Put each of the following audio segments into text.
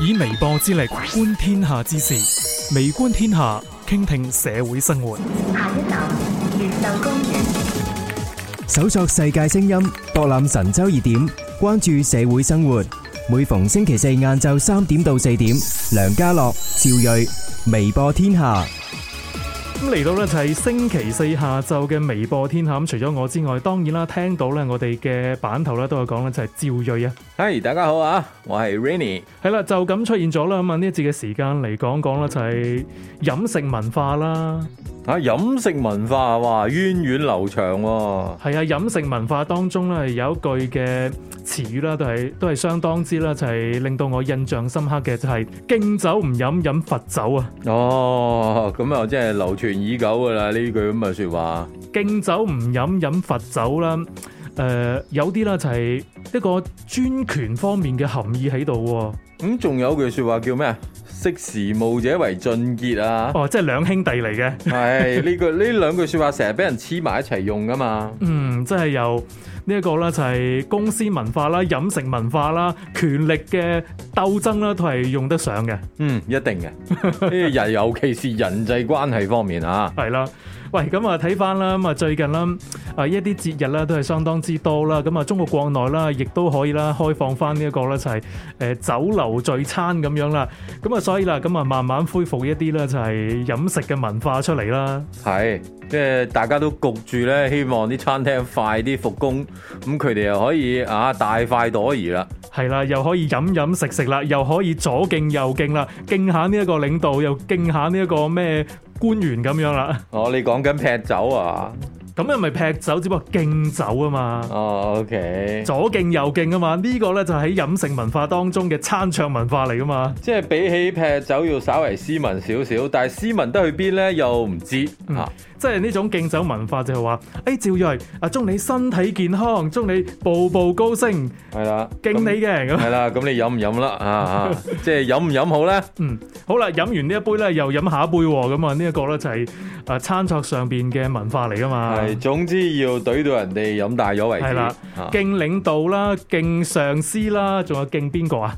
以微博之力觀天下之事，微觀天下，傾聽社會生活。下一首越秀公園，搜 索世界聲音，博覽神州熱點，關注社會生活。每逢星期四晏晝三點到四點，梁家樂、趙睿，微博天下。咁嚟到呢，就係星期四下晝嘅微播天下，除咗我之外，當然啦，聽到呢我哋嘅版頭咧都有講呢就係趙睿啊，係、hey, 大家好啊，我係 Rainy，係啦就咁出現咗啦，咁啊呢一節嘅時間嚟講講啦就係飲食文化啦。啊！飲食文化哇，源遠流長喎，啊。係啊，飲食文化當中咧，有一句嘅詞語啦，都係都係相當之啦，就係、是、令到我印象深刻嘅就係、是、敬酒唔飲飲罰酒啊。哦，咁啊，真係流傳已久㗎啦呢句咁嘅説話。敬酒唔飲飲罰酒啦。誒、呃，有啲啦就係、是、一個專權方面嘅含義喺度。咁仲、嗯、有句説話叫咩啊？識時務者為俊傑啊！哦，即係兩兄弟嚟嘅。係呢個呢兩句説話成日俾人黐埋一齊用噶嘛。嗯，即係由呢一個啦，就係公司文化啦、飲食文化啦、權力嘅鬥爭啦，都係用得上嘅。嗯，一定嘅。呢個 人尤其是人際關係方面啊。係啦。喂，咁啊睇翻啦，咁啊最近啦，啊一啲節日咧都係相當之多啦，咁啊中國國內啦，亦都可以啦開放翻呢一個咧就係誒酒樓聚餐咁樣啦，咁啊所以啦，咁啊慢慢恢復一啲咧就係飲食嘅文化出嚟啦。係，即係大家都焗住咧，希望啲餐廳快啲復工，咁佢哋又可以啊大快朵頤啦。係啦，又可以飲飲食食啦，又可以左敬右敬啦，敬下呢一個領導，又敬下呢一個咩？官員咁樣啦，哦，你講緊劈酒啊？咁又咪劈酒，只不過敬酒啊嘛。哦，OK。左敬右敬啊嘛，這個、呢個咧就喺、是、飲食文化當中嘅餐桌文化嚟噶嘛。即係比起劈酒要稍微斯文少少，但係斯文得去邊咧又唔知、嗯、啊。即係呢種敬酒文化就係話，誒，趙睿，啊，祝你身體健康，祝你步步高升，係啦，敬你嘅，係啦，咁你飲唔飲啦啊？即係飲唔飲好咧？嗯，好啦，飲完呢一杯咧，又飲下一杯，咁啊，呢一個咧就係誒餐桌上邊嘅文化嚟噶嘛。係，總之要懟到人哋飲大咗為止。係啦，敬領導啦，敬上司啦，仲有敬邊個啊？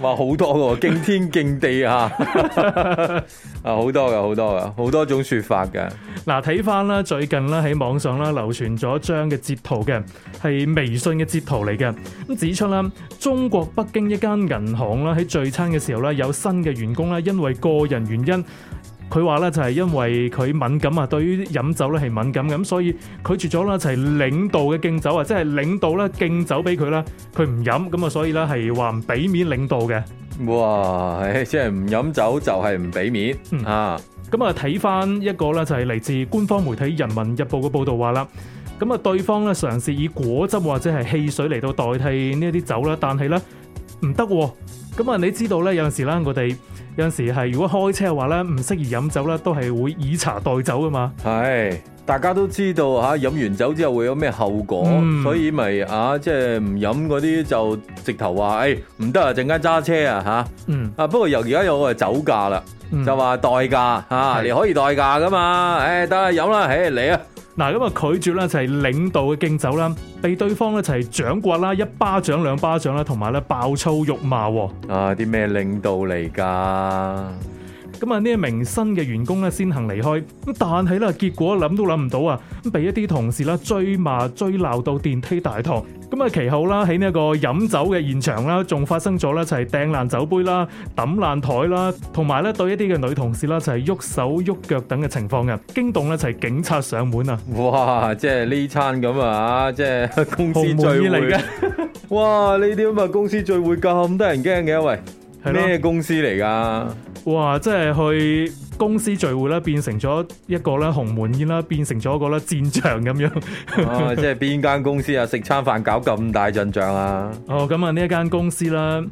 話 好多嘅，敬天敬地吓， 啊，好多噶，好多噶，好多種說法嘅。嗱，睇返啦，最近啦喺網上啦流傳咗一張嘅截圖嘅，係微信嘅截圖嚟嘅，咁指出啦，中國北京一間銀行啦喺聚餐嘅時候咧，有新嘅員工咧，因為個人原因。佢話咧就係因為佢敏感啊，對於飲酒咧係敏感嘅，咁所以拒絕咗啦就係領導嘅敬酒啊，即係領導咧敬酒俾佢啦，佢唔飲咁啊，所以咧係話唔俾面領導嘅。哇，即係唔飲酒就係唔俾面啊！咁啊，睇翻一個咧就係嚟自官方媒體《人民日報》嘅報導話啦，咁啊，對方咧嘗試以果汁或者係汽水嚟到代替呢一啲酒啦，但係咧唔得喎。咁啊，你知道咧，有陣時啦，我哋有陣時係如果開車嘅話咧，唔適宜飲酒咧，都係會以茶代酒噶嘛。係，大家都知道吓，飲、啊、完酒之後會有咩後果，嗯、所以咪啊，即係唔飲嗰啲就直頭話，誒，唔得啊，陣間揸車啊，吓，啊，不過由而家有個酒駕啦，嗯、就話代駕啊，你可以代駕噶嘛，誒是，得、欸、啊，飲啦，誒，嚟啊。嗱，咁啊拒絕啦，就係領導嘅敬酒啦，被對方咧就係掌摑啦，一巴掌兩巴掌啦，同埋咧爆粗辱罵喎。啊，啲咩領導嚟㗎？咁啊！呢一名新嘅員工咧先行離開，咁但係咧結果諗都諗唔到啊！咁被一啲同事啦追罵追鬧到電梯大堂，咁啊其後啦喺呢一個飲酒嘅現場啦，仲發生咗咧就係掟爛酒杯啦、抌爛台啦，同埋咧對一啲嘅女同事啦就係喐手喐腳等嘅情況嘅，驚動咧就係警察上門啊！哇！即係呢餐咁啊，即係公司聚會嚟嘅。哇！呢啲咁啊公司聚會咁得人驚嘅，喂，咩的公司嚟噶嗯哇！即係去公司聚會咧，變成咗一個咧鴻門宴啦，變成咗一個咧戰場咁樣，哦。 即係邊間公司啊？食餐飯搞咁大陣仗啊？哦，咁啊呢一間公司啦。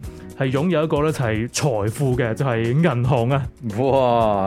係擁有一個咧，就係財富嘅，就係銀行啊！哇，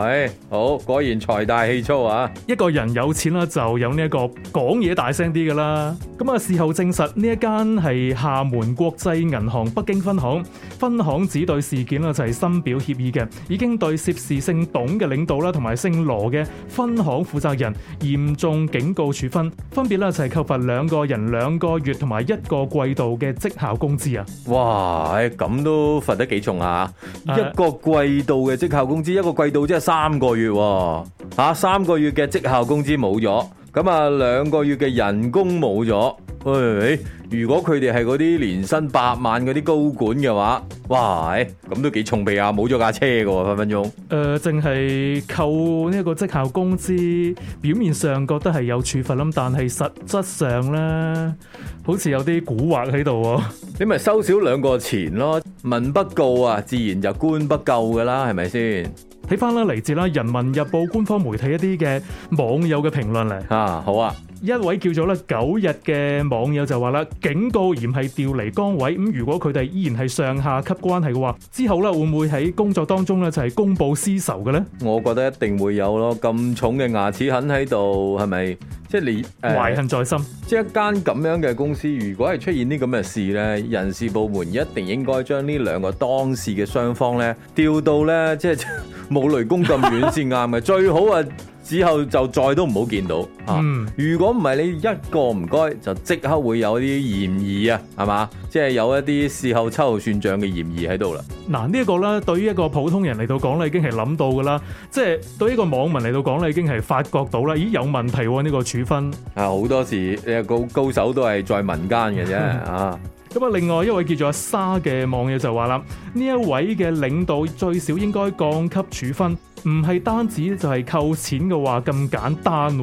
誒、哎，好，果然財大氣粗啊！一個人有錢啦，就有呢、這個、一個講嘢大聲啲噶啦。咁啊，事後證實呢一間係廈門國際銀行北京分行，分行只對事件啦，就係深表歉意嘅，已經對涉事姓董嘅領導啦，同埋姓羅嘅分行負責人嚴重警告處分，分別啦就係扣罰兩個人兩個月同埋一個季度嘅績效工資啊！哇，咁都～都罰得幾重啊！一個季度嘅績效工資，一個季度即係三個月，喎，三個月嘅績效工資冇咗，咁啊兩個月嘅人工冇咗。喂，如果佢哋係嗰啲年薪百萬嗰啲高管嘅話，哇，咁、欸、都幾重皮啊，冇咗架車嘅喎，分分鐘。誒、呃，淨係扣呢個績效工資，表面上覺得係有處罰咁，但係實質上咧，好似有啲古惑喺度。 你咪收少兩個錢咯，民不告啊，自然就官不咎嘅啦，係咪先？睇翻啦，嚟自啦《人民日報》官方媒體一啲嘅網友嘅評論嚟。啊，好啊。一位叫做咧九日嘅網友就話啦，警告而係調離崗位，咁如果佢哋依然係上下級關係嘅話，之後咧會唔會喺工作當中咧就係公報私仇嘅咧？我覺得一定會有咯，咁重嘅牙齒痕喺度，係咪即係你懷恨在心？即係一間咁樣嘅公司，如果係出現啲咁嘅事咧，人事部門一定應該將呢兩個當事嘅雙方咧調到咧即係冇雷公咁遠先啱嘅，最好啊！之後就再都唔好見到。嗯、啊，如果唔係你一個唔該，就即刻會有啲嫌疑啊，係嘛，即係有一啲事後秋後算賬嘅嫌疑喺度啦。嗱，呢一個咧，對於一個普通人嚟到講咧，已經係諗到噶啦。即、就、係、是、對於一個網民嚟到講咧，已經係發覺到啦。咦，有問題呢、啊這個處分？係好、啊、多時，你高高手都係在民間嘅啫、嗯、啊。咁啊，另外一位叫做阿沙嘅網友就話啦，呢一位嘅領導最少應該降級處分，唔係單止就係扣錢嘅話咁簡單。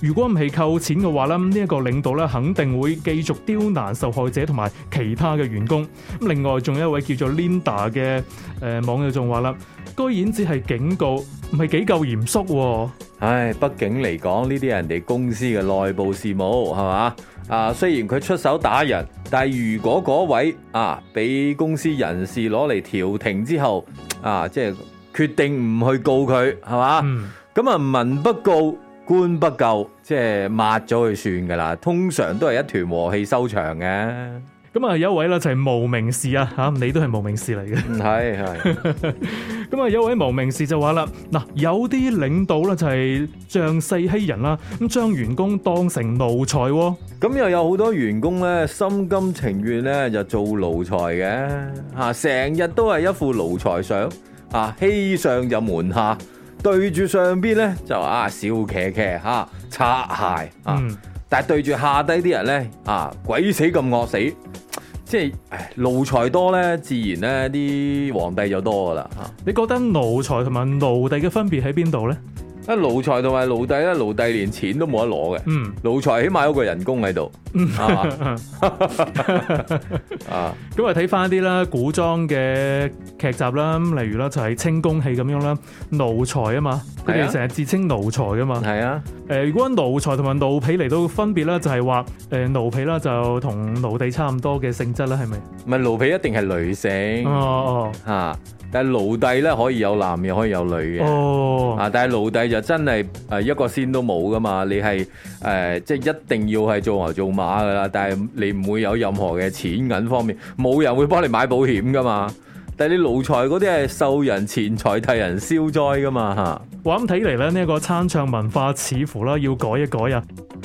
如果唔係扣錢嘅話咧，呢、這、一個領導咧肯定會繼續刁難受害者同埋其他嘅員工。咁另外仲有一位叫做 Linda 嘅誒、呃、網友仲話啦，居然只係警告，唔係幾夠嚴肅。唉，畢竟嚟講呢啲人哋公司嘅內部事務，係嘛？啊，雖然佢出手打人，但係如果嗰位啊俾公司人士攞嚟調停之後，啊即係決定唔去告佢，係嘛？咁啊、嗯、民不告，官不究，即係抹咗佢算噶啦。通常都係一團和氣收場嘅。咁啊、就是，有位咧就係無名氏啊，吓你都係無名氏嚟嘅，係係。咁啊，有位無名氏就話啦，嗱，有啲領導咧就係仗勢欺人啦，咁將員工當成奴才，咁、哦、又有好多員工咧心甘情願咧就做奴才嘅，吓、啊、成日都係一副奴才相，啊欺上就瞞下，對住上邊咧就啊笑騎騎，吓擦鞋啊。.但係對住下低啲人咧，啊鬼死咁惡死，即係、哎、奴才多咧，自然咧啲皇帝就多噶啦。啊、你覺得奴才同埋奴，奴，奴隸嘅分別喺邊度咧？啊奴才同埋奴隸咧，奴隸連錢都冇得攞嘅，嗯、奴才起碼有個人工喺度。嗯，啊，咁啊睇翻啲啦，古裝嘅劇集啦，例如啦就係清宮戲咁樣啦，奴才啊嘛，佢哋成日自稱奴才噶嘛，係啊，誒如果奴才同埋奴婢嚟到分別咧，就係話誒奴婢啦就同奴隸差唔多嘅性質啦，係咪？唔係奴婢一定係女性，哦，吓，但係奴隸咧可以有男，又可以有女嘅，哦，啊，但係奴隸就真係誒一個仙都冇噶嘛，你係誒即係一定要係做牛做馬。噶啦，但係你唔會有任何嘅錢銀方面，冇人會幫你買保險噶嘛。但係你奴才嗰啲係受人錢財替人消災噶嘛，吓。話咁睇嚟咧，呢一、這個餐唱文化似乎啦要改一改啊！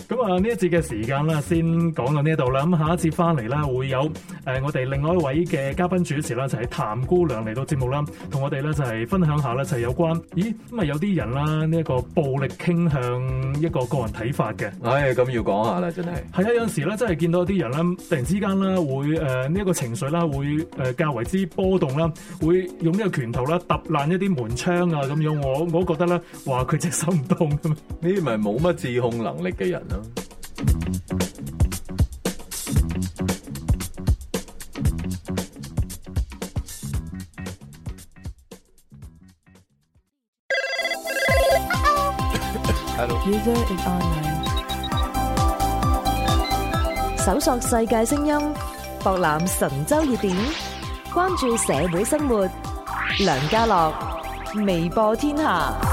咁啊呢一節嘅時間啦，先講到呢度啦。咁下一次翻嚟啦，會有誒、呃、我哋另外一位嘅嘉賓主持啦，就係、是、譚姑娘嚟到節目啦，同我哋咧就係分享下咧，就係有關咦咁啊有啲人啦呢一、這個暴力傾向一個個人睇法嘅。唉、哎，咁要講下啦，真係係啊，有陣時咧真係見到啲人啦，突然之間啦，會誒呢一個情緒啦會誒較為之波動啦，會用呢個拳頭啦揼爛一啲門窗啊咁樣，我我覺得。得啦，話佢隻手唔痛啊！呢啲咪冇乜自控能力嘅人咯。Hello，user is online。搜索世界聲音，博覽神州熱點，關注社會生活。梁家樂，微播天下。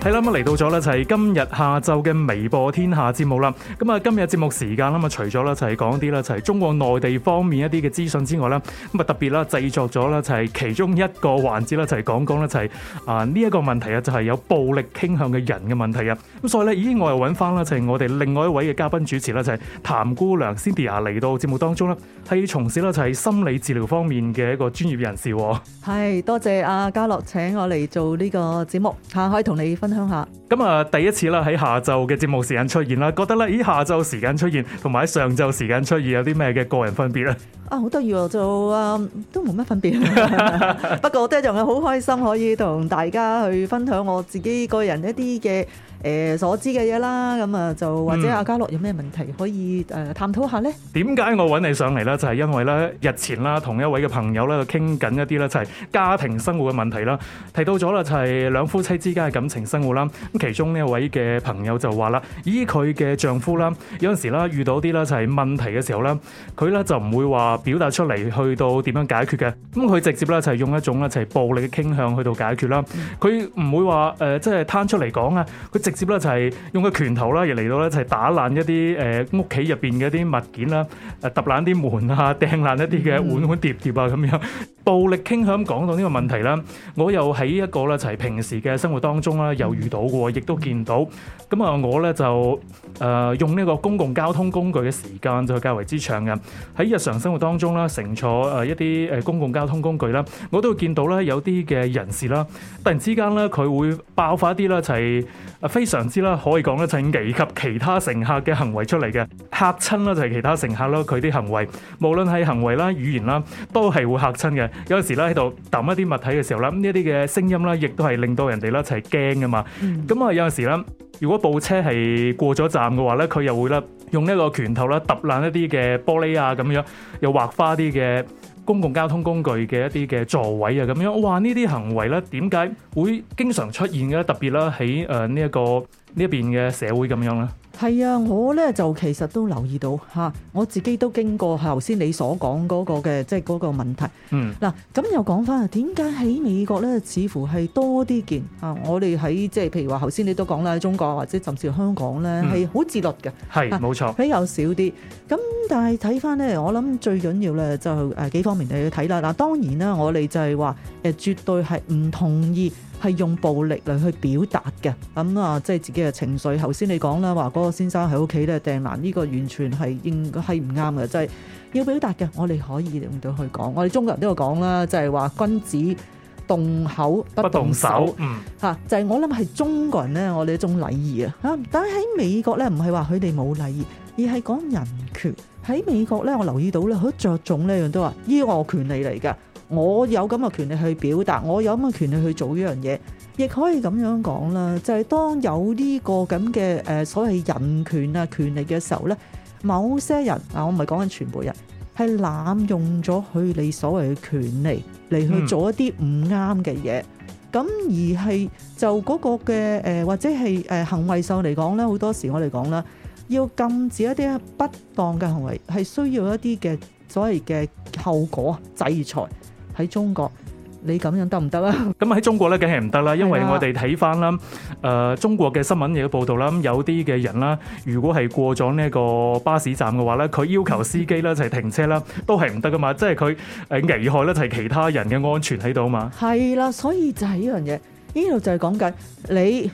係 啦，咁嚟到咗呢，就係、是、今日下晝嘅微播天下節目啦。咁啊，今日節目時間啦，咁除咗呢，就係講啲呢，就係中國內地方面一啲嘅資訊之外咧，咁啊，特別啦，製作咗呢，就係、是、其中一個環節啦，說說就係講講呢，就係啊呢一、這個問題啊，就係有暴力傾向嘅人嘅問題啊。咁所以咧，咦，我又揾翻啦，就係、是、我哋另外一位嘅嘉賓主持啦，就係、是、譚姑娘 Cindy 啊，嚟到節目當中啦，係從事啦就係、是、心理治療方面嘅一個專業人士。係，多謝阿嘉樂請我嚟做呢個節目，下可，可以同你分享。分享下，咁啊、嗯、第一次啦喺下晝嘅節目時間出現啦，覺得咧，咦下晝時間出現同埋喺上晝時間出現有啲咩嘅個人分別咧？啊好得意做啊，就嗯、都冇乜分別，不過我都仲係好開心可以同大家去分享我自己個人一啲嘅。誒所知嘅嘢啦，咁啊就或者阿家樂有咩問題可以誒探討下咧？點解我揾你上嚟咧？就係因為咧日前啦，同一位嘅朋友咧傾緊一啲咧，就係家庭生活嘅問題啦。提到咗啦，就係兩夫妻之間嘅感情生活啦。咁其中呢一位嘅朋友就話啦：，咦，佢嘅丈夫啦，有陣時啦遇到啲啦就係問題嘅時候咧，佢咧就唔會話表達出嚟，去到點樣解決嘅。咁佢直接咧就係用一種咧就係暴力嘅傾向去到解決啦。佢唔會話，誒即係攤出嚟講啊，佢直接咧就係用個拳頭啦，而嚟到咧就係打爛一啲誒屋企入邊嘅一啲物件啦，誒揼爛啲門啊，掟爛一啲嘅碗碗碟碟啊，咁樣暴力傾向講到呢個問題啦。我又喺一個咧，就係平時嘅生活當中啦，又遇到嘅，亦都見到咁啊。我咧就誒用呢個公共交通工具嘅時間就較為之長嘅喺日常生活當中啦，乘坐誒一啲誒公共交通工具啦，我都會見到咧有啲嘅人士啦，突然之間咧佢會爆發啲啦，就係。啊，非常之啦，可以講咧，趁以及其他乘客嘅行為出嚟嘅嚇親啦，就係其他乘客咯，佢啲行為，無論係行為啦、語言啦，都係會嚇親嘅。有時咧喺度揼一啲物體嘅時候啦，呢一啲嘅聲音啦，亦都係令到人哋咧一齊驚噶嘛。咁啊、嗯，有時咧，如果部車係過咗站嘅話咧，佢又會咧用呢個拳頭咧揼爛一啲嘅玻璃啊，咁樣又劃花啲嘅。公共交通工具嘅一啲嘅座位啊，咁樣，哇！呢啲行為咧，點解會經常出現嘅？特別啦，喺誒呢一個呢一邊嘅社會咁樣咧。係啊，我咧就其實都留意到嚇、啊，我自己都經過頭先你所講嗰、那個嘅，即係嗰個問題。嗯。嗱、啊，咁又講翻，點解喺美國咧，似乎係多啲見啊？我哋喺即係譬如話頭先你都講啦，中國或者甚至香港咧，係好自律嘅，係冇、嗯啊、錯，比較少啲。咁、啊、但係睇翻咧，我諗最緊要咧就誒幾方面你要睇啦。嗱，當然啦，我哋就係話誒絕對係唔同意。係用暴力嚟去表達嘅，咁、嗯、啊，即係自己嘅情緒。頭先你講啦，話嗰個先生喺屋企咧掟爛，呢、這個完全係應係唔啱嘅，即、就、係、是、要表達嘅，我哋可以用到去講。我哋中國人都有講啦，就係、是、話君子動口不動手，嚇、嗯啊，就係、是、我諗係中國人咧，我哋一種禮儀啊嚇。但係喺美國咧，唔係話佢哋冇禮儀，而係講人權。喺美國咧，我留意到咧，好着重呢樣都話依我權利嚟㗎。我有咁嘅權利去表達，我有咁嘅權利去做呢樣嘢，亦可以咁樣講啦。就係、是、當有呢個咁嘅誒所謂人權啊權利嘅時候呢，某些人啊，我唔係講緊全部人係濫用咗佢哋所謂嘅權利嚟去做一啲唔啱嘅嘢。咁、嗯、而係就嗰個嘅誒或者係誒行為上嚟講呢，好多時我哋講啦，要禁止一啲不當嘅行為，係需要一啲嘅所謂嘅後果制裁。喺中國，你咁樣得唔得啊？咁 喺中國咧，梗係唔得啦，因為我哋睇翻啦，誒，中國嘅新聞亦都報道啦，咁有啲嘅人啦，如果係過咗呢個巴士站嘅話咧，佢要求司機咧就係停車啦，都係唔得噶嘛，即係佢誒危害咧就係其他人嘅安全喺度嘛。係啦，所以就係呢樣嘢，呢度就係講緊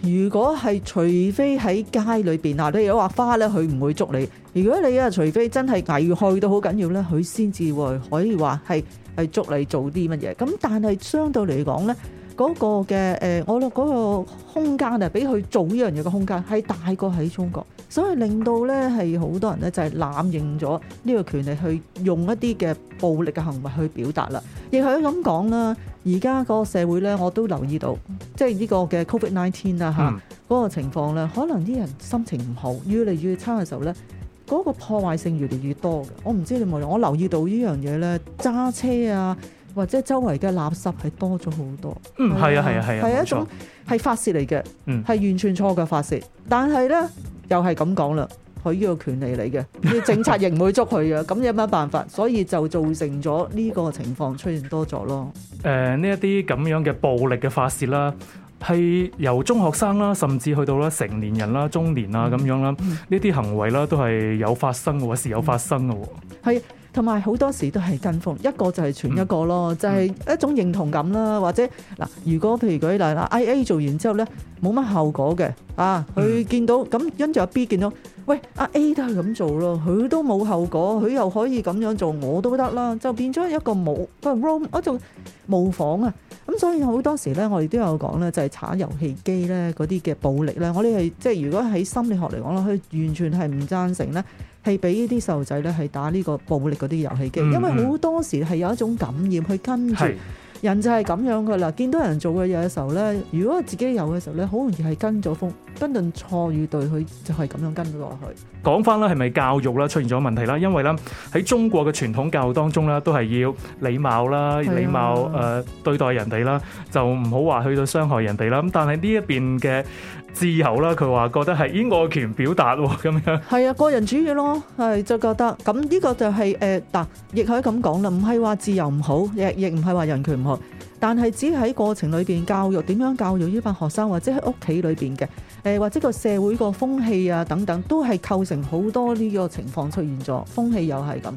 你如果係除非喺街裏邊嗱，你如果話花咧，佢唔會捉你；如果你啊，除非真係危害到好緊要咧，佢先至會可以話係。係捉你做啲乜嘢？咁但係相對嚟講呢，嗰、那個嘅誒、呃，我諗嗰個空間啊，俾佢做呢樣嘢嘅空間係大過喺中國，所以令到呢係好多人呢就係、是、濫用咗呢個權利去用一啲嘅暴力嘅行為去表達啦。亦係咁講啦，而家個社會呢，我都留意到，即係呢個嘅 Covid Nineteen 啦嚇嗰個情況呢，可能啲人心情唔好，越嚟越差嘅時候呢。嗰個破壞性越嚟越多嘅，我唔知你有冇，我留意到呢樣嘢咧，揸車啊或者周圍嘅垃圾係多咗好多。嗯，係啊，係啊，係啊，係一種係發泄嚟嘅，係、嗯、完全錯嘅發泄。但係咧又係咁講啦，佢呢個權利嚟嘅，啲警察仍唔會捉佢嘅，咁 有乜辦法？所以就造成咗呢個情況出現多咗咯。誒、呃，呢一啲咁樣嘅暴力嘅發泄啦。係由中學生啦，甚至去到啦成年人啦、中年啊咁樣啦，呢啲行為啦都係有發生喎，時有發生嘅喎。係。同埋好多時都係跟風，一個就係傳一個咯，嗯、就係一種認同感啦。或者嗱，如果譬如舉例啦，A 做完之後呢，冇乜效果嘅啊，佢見到咁，跟住阿 B 見到，喂阿 A 都係咁做咯，佢都冇效果，佢又可以咁樣做，我都得啦，就變咗一個冇不 room 一種模仿啊。咁所以好多時呢，我哋都有講、就係、呢，就係打遊戲機呢嗰啲嘅暴力呢。我哋係即係如果喺心理學嚟講咧，佢完全係唔贊成呢。係俾呢啲細路仔咧，係打呢個暴力嗰啲遊戲機，因為好多時係有一種感染，去跟住人就係咁樣噶啦。見到人做嘅嘢嘅時候咧，如果自己有嘅時候咧，好容易係跟咗風，不論錯與對，佢就係咁樣跟咗落去。講翻啦，係咪教育啦出現咗問題啦？因為咧喺中國嘅傳統教育當中咧，都係要禮貌啦、禮貌誒對待人哋啦，就唔好話去到傷害人哋啦。咁但係呢一邊嘅。自由啦，佢話覺得係，咦，我權表達喎，咁樣。係啊，個人主義咯，係就覺得咁呢個就係誒嗱，亦可以咁講啦，唔係話自由唔好，亦亦唔係話人權唔好，但係只喺過程裏邊教育點樣教育呢班學生，或者喺屋企裏邊嘅誒，或者個社會個風氣啊等等，都係構成好多呢個情況出現咗，風氣又係咁。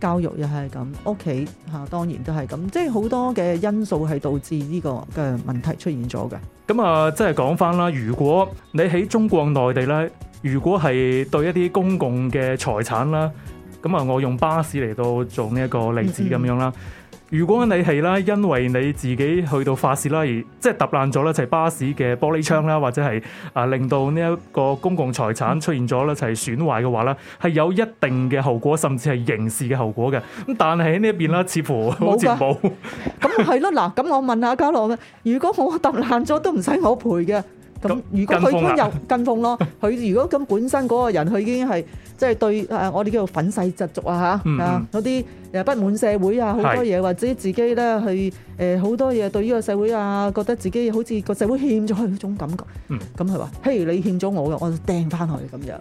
教育又係咁，屋企嚇當然都係咁，即係好多嘅因素係導致呢個嘅問題出現咗嘅。咁啊、嗯，即係講返啦，如果你喺中國內地咧，如果係對一啲公共嘅財產啦，咁啊，我用巴士嚟到做呢一個例子咁樣啦。嗯如果你係啦，因為你自己去到發洩啦，而即係揼爛咗啦，就係、是、巴士嘅玻璃窗啦，或者係啊令到呢一個公共財產出現咗啦，就係、是、損壞嘅話咧，係有一定嘅後果，甚至係刑事嘅後果嘅。咁但係喺呢一邊啦，似乎好似冇。咁係咯，嗱，咁我問下家樂啦，如果我揼爛咗都唔使我賠嘅？咁、啊、如果佢都有跟風咯，佢如果咁本身嗰個人佢已經係即係對誒，我哋叫做憤世嫉俗啊嚇，嗰啲誒不滿社會啊，好多嘢是或者自己咧去誒好多嘢對呢個社會啊，覺得自己好似個社會欠咗佢嗰種感覺，咁佢話：嘿、hey，你欠咗我嘅，我就掟翻去。」咁樣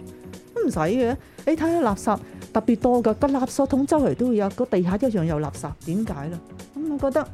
都唔使嘅。你睇下垃圾特別多㗎，個垃圾桶周圍都會有，個地下一樣有垃圾，點解咧？咁我覺得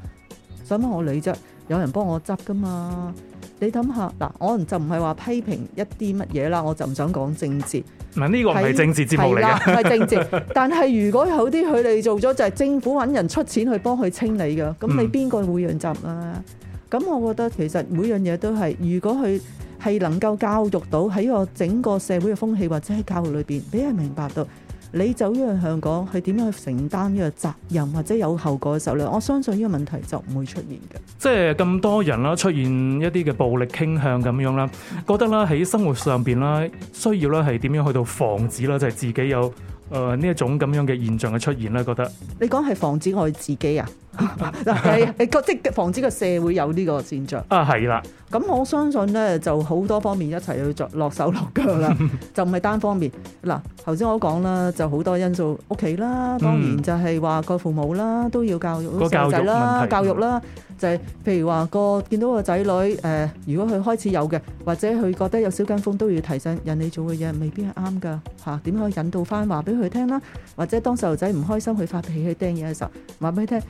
使乜我理啫？有人幫我執㗎嘛？你諗下嗱，我就唔係話批評一啲乜嘢啦，我就唔想講政治。嗱呢個唔係政治節目嚟嘅，唔係政治。 但係如果有啲佢哋做咗就係、是、政府揾人出錢去幫佢清理嘅，咁你邊個會讓執啊？咁、嗯、我覺得其實每樣嘢都係，如果佢係能夠教育到喺個整個社會嘅風氣或者喺教育裏邊俾人明白到。你走咗去香港，係點樣去承擔呢個責任，或者有後果嘅時候咧？我相信呢個問題就唔會出現嘅。即係咁多人啦，出現一啲嘅暴力傾向咁樣啦，覺得啦喺生活上邊啦，需要啦，係點樣去到防止啦，就係自己有誒呢一種咁樣嘅現象嘅出現咧？覺得你講，係防止我自己啊？嗱，係個即防止個社會有呢個現象啊，係啦，咁我相信咧就好多方面一齊去做落手落腳啦， 就唔係單方面。嗱，頭先我都講啦，就好多因素，屋企啦，當然就係話個父母啦，都要教育細路仔啦，教育，教育啦，就係、是、譬如話個見到個仔女誒、呃，如果佢開始有嘅，或者佢覺得有小跟風，都要提醒人哋做嘅嘢未必係啱㗎嚇，點、啊、可以引導翻話俾佢聽啦？或者當細路仔唔開心去發脾氣掟嘢嘅時候，話俾佢聽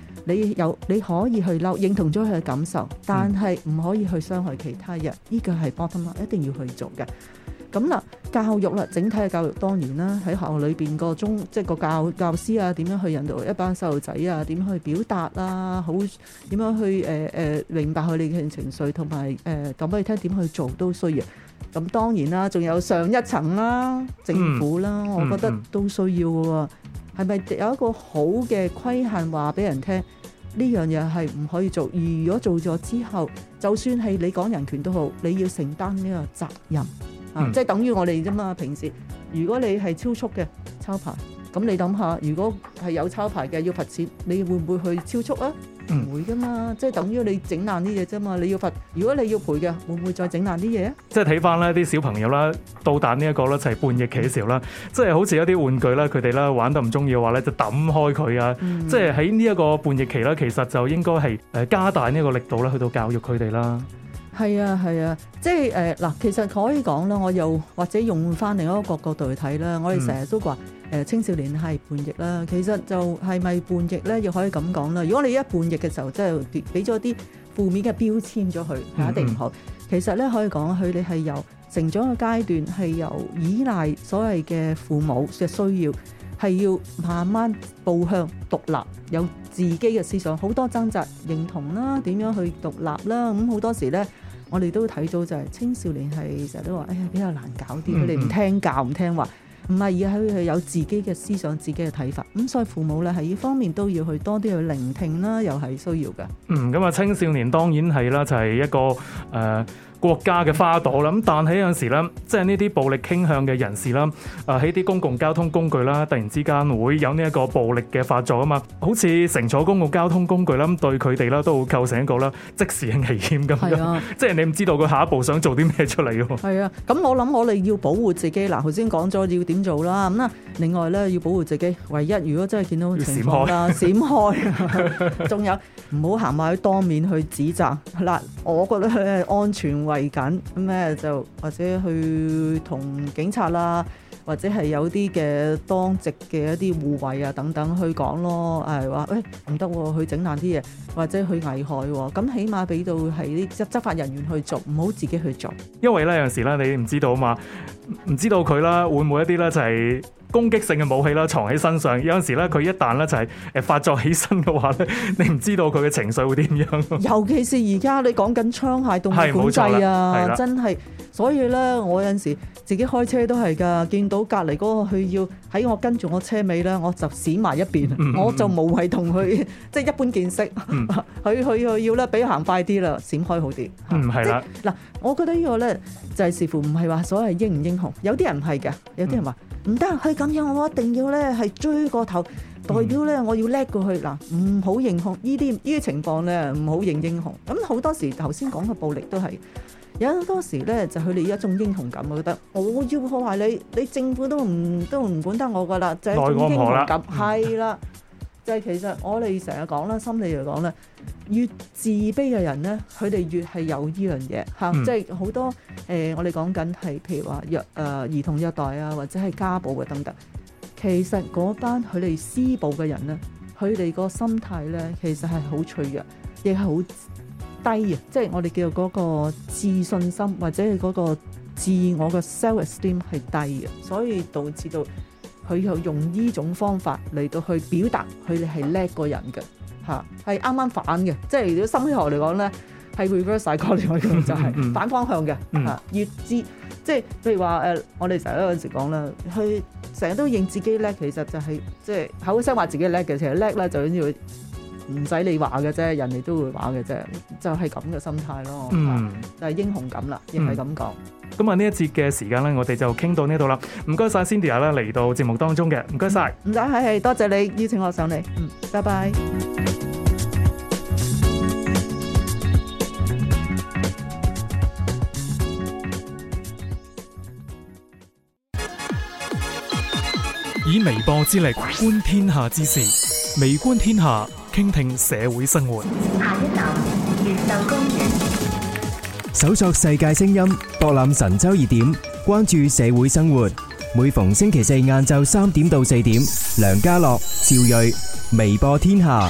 有你可以去嬲，認同咗佢嘅感受，但係唔可以去傷害其他人，呢、這個係 bottom line，一定要去做嘅。咁啦，教育啦，整體嘅教育當然啦，喺學校裏邊個中，即係個教教師啊，點樣去引導一班細路仔啊，點去表達啦，好點樣去誒誒、呃、明白佢哋嘅情緒，同埋誒講俾你聽點去做都需要。咁當然啦，仲有上一層啦，政府啦，嗯、我覺得都需要嘅喎。係咪、嗯嗯、有一個好嘅規限話俾人聽？呢樣嘢係唔可以做，如果做咗之後，就算係你講人權都好，你要承擔呢個責任、嗯、啊！即係等於我哋啫嘛。平時如果你係超速嘅抄牌，咁你諗下，如果係有抄牌嘅要罰錢，你會唔會去超速啊？唔會㗎嘛，即係等於你整爛啲嘢啫嘛。你要罰，如果你要賠嘅，會唔會再整爛啲嘢啊？即係睇返咧啲小朋友啦，到達呢一個咧就係叛逆期嘅時候啦。即係好似一啲玩具啦，佢哋啦玩得唔鍾意嘅話咧，就抌開佢啊。嗯、即係喺呢一個叛逆期啦，其實就應該係誒加大呢個力度啦，去到教育佢哋啦。係啊，係啊，即係誒嗱，其實可以講啦，我又或者用翻另一個角度去睇啦，我哋成日都話誒、嗯呃、青少年係叛逆啦，其實就係咪叛逆咧？又可以咁講啦。如果你一叛逆嘅時候，即係俾咗啲負面嘅標籤咗佢，係一定唔好。嗯嗯其實咧可以講，佢哋係由成長嘅階段係由依賴所謂嘅父母嘅需要，係要慢慢步向獨立，有自己嘅思想，好多掙扎認同啦，點樣去獨立啦，咁、嗯、好多時咧。我哋都睇到就係青少年係成日都話，哎呀比較難搞啲，佢哋唔聽教唔聽話，唔係而係佢有自己嘅思想、自己嘅睇法。咁所以父母咧喺呢方面都要去多啲去聆聽啦，又係需要嘅。嗯，咁啊，青少年當然係啦，就係、是、一個誒。呃國家嘅花朵啦，咁但係有陣時咧，即係呢啲暴力傾向嘅人士啦，啊喺啲公共交通工具啦，突然之間會有呢一個暴力嘅發作啊嘛，好似乘坐公共交通工具啦，對佢哋啦都會構成一個啦即時嘅危險咁樣，啊、即係你唔知道佢下一步想做啲咩出嚟喎。啊，咁我諗我哋要保護自己，嗱，頭先講咗要點做啦，咁啊，另外咧要保護自己，唯一如果真係見到情況啦，閃開，仲有唔好行埋去當面去指責。嗱，我覺得佢係安全係緊咁咧，就或者去同警察啦，或者係有啲嘅當值嘅一啲護衛啊等等去講咯，誒話誒唔得，去整爛啲嘢，或者去危害，咁起碼俾到係啲執執法人員去做，唔好自己去做。因為咧有陣時咧，你唔知道啊嘛，唔知道佢啦會唔會一啲咧就係、是。攻擊性嘅武器啦，藏喺身上。有陣時咧，佢一旦咧就係誒發作起身嘅話咧， 你唔知道佢嘅情緒會點樣。 尤其是而家你講緊槍械動力管制啊，真係。所以咧，我有陣時。自己開車都係噶，見到隔離嗰個佢要喺我跟住我車尾啦，我就閃埋一邊，我就無謂同佢即係一般見識。佢佢佢，要啦，俾佢行快啲啦，閃開好啲。嗯，係啦。嗱，我覺得呢個咧就係視乎唔係話所謂英唔英雄，有啲人唔係嘅，有啲人話唔得，佢咁樣我一定要咧係追過頭，代表咧我要叻過去。嗱，唔好認雄，呢啲呢啲情況咧唔好認英雄。咁好多時頭先講嘅暴力都係。有好多時咧，就佢、是、哋一種英雄感，我覺得我要破壞，壞你，你政府都唔都唔管得我噶啦，就係、是、一種英雄感，係啦。就係、是、其實我哋成日講啦，心理嚟講咧，越自卑嘅人咧，佢哋越係有呢樣嘢嚇，即係好多誒、呃，我哋講緊係譬如話虐誒兒童虐待啊，或者係家暴嘅等等。其實嗰班佢哋施暴嘅人咧，佢哋個心態咧，其實係好脆弱，亦係好低啊，即係我哋叫嗰個自信心，或者係嗰個自我嘅 self-esteem 係低嘅，所以導致到佢又用呢種方法嚟到去表達佢哋係叻個人嘅，嚇係啱啱反嘅，即係如果心理學嚟講咧，係 reverse psychology 就係反方向嘅嚇， 越知即係譬如話誒、呃，我哋成日有陣時講啦，佢成日都認自己叻，其實就係即係口聲話自己叻嘅，其實叻咧就應唔使你話嘅啫，人哋都會話嘅啫，就係咁嘅心態咯。嗯，就係、是、英雄咁啦，亦係咁講。咁啊、嗯，呢一節嘅時間咧，我哋就傾到呢度啦。唔該晒，Cindy 啦，嚟到節目當中嘅，唔該晒。唔該係係，多謝你邀請我上嚟。嗯，拜拜。以微博之力觀天下之事，微觀天下。傾聽社會生活。下一樓越秀公園，搜索世界聲音，博覽神州熱點，關注社會生活。每逢星期四晏晝三點到四點，梁家樂、趙瑞，微播天下。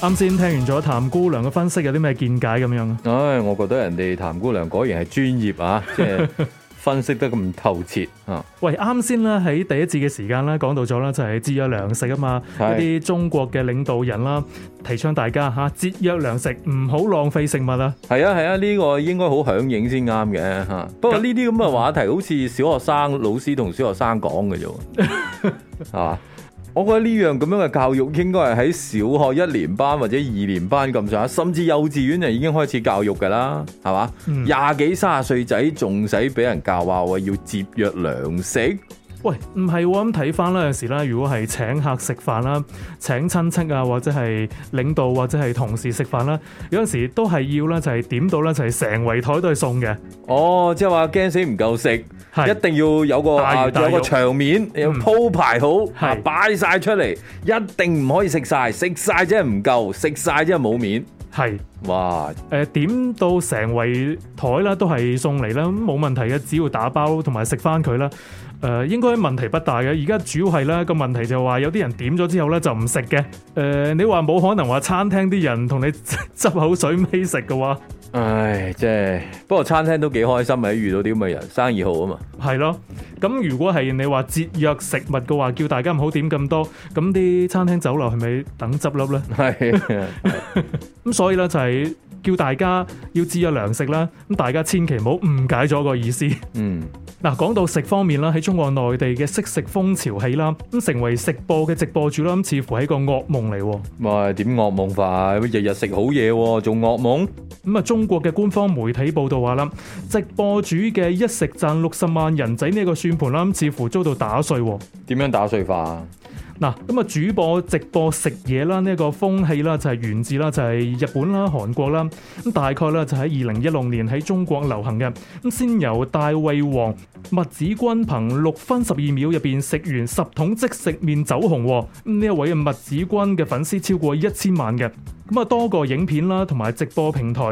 啱先聽完咗譚姑娘嘅分析，有啲咩見解咁樣啊？唉，我覺得人哋譚姑娘果然係專業啊，即係。分析得咁透徹啊！喂，啱先咧喺第一節嘅時間咧講到咗啦，就係節約糧食啊嘛，是一啲中國嘅領導人啦提倡大家嚇、啊、節約糧食，唔好浪費食物啊！係啊係啊，呢、啊呢個應該好響應先啱嘅嚇。不過呢啲咁嘅話題好似小學生老師同小學生講嘅啫，係嘛、 啊？我覺得呢樣咁樣嘅教育應該係喺小學一年班或者二年班咁上，甚至幼稚園就已經開始教育嘅啦，係嘛？廿幾、嗯、卅歲仔仲使俾人教啊？話，要節約糧食。喂，唔係我咁睇翻啦，有時啦，如果係請客食飯啦，請親戚啊，或者係領導或者係同事食飯啦，有陣時都係要啦，就係、是、點到啦，就係成圍台都係送嘅。哦，即係話驚死唔夠食，是一定要有個大大、啊、有個場面，有鋪排好，擺晒、嗯啊、出嚟，一定唔可以食晒。食晒即係唔夠，食晒即係冇面。係，哇！誒、呃、點到成圍台啦，都係送嚟啦，冇問題嘅。只要打包同埋食翻佢啦，誒、呃、應該問題不大嘅。而家主要係咧，個問題就話有啲人點咗之後咧就唔食嘅。誒、呃、你話冇可能話餐廳啲人同你執 口水尾食嘅喎？唉，即係不過餐廳都幾開心，咪遇到啲咁嘅人，生意好啊嘛。係咯，咁如果係你話節約食物嘅話，叫大家唔好點咁多，咁啲餐廳酒樓係咪等執笠呢？係，咁所以呢，就係叫大家要節約糧食啦。咁大家千祈唔好誤解咗個意思。 嗯。嗱，講到食方面啦，喺中國內地嘅識食風潮起啦，咁成為食播嘅直播主啦，似乎係個噩夢嚟喎。唔係點噩夢法？日日食好嘢，仲噩夢？咁啊，中國嘅官方媒體報道話啦，直播主嘅一食賺六十萬人仔呢個算盤啦，似乎遭到打碎。點樣打碎法？嗱，咁啊，主播直播食嘢啦，呢一個風氣啦，就係源自啦，就係日本啦、韓國啦，咁大概咧就喺二零一六年喺中國流行嘅。咁先由大胃王麥子君憑六分十二秒入面食完十桶即食麵走紅，咁呢一位啊麥子君嘅粉絲超過一千萬嘅，咁啊多個影片啦同埋直播平台，